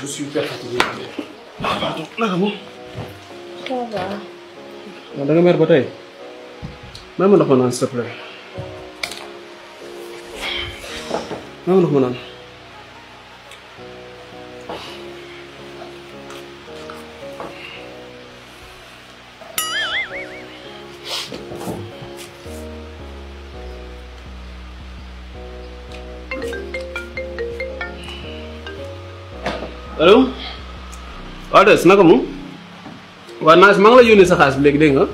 Je suis hyper fatigué. Ah, pardon. Ah, bon. Ça va. Je vais me faire Même si s'il te plaît. Même si allo waaw des naka moom waaw naaj la yónnee sa xaalis bi léegi dégg nga.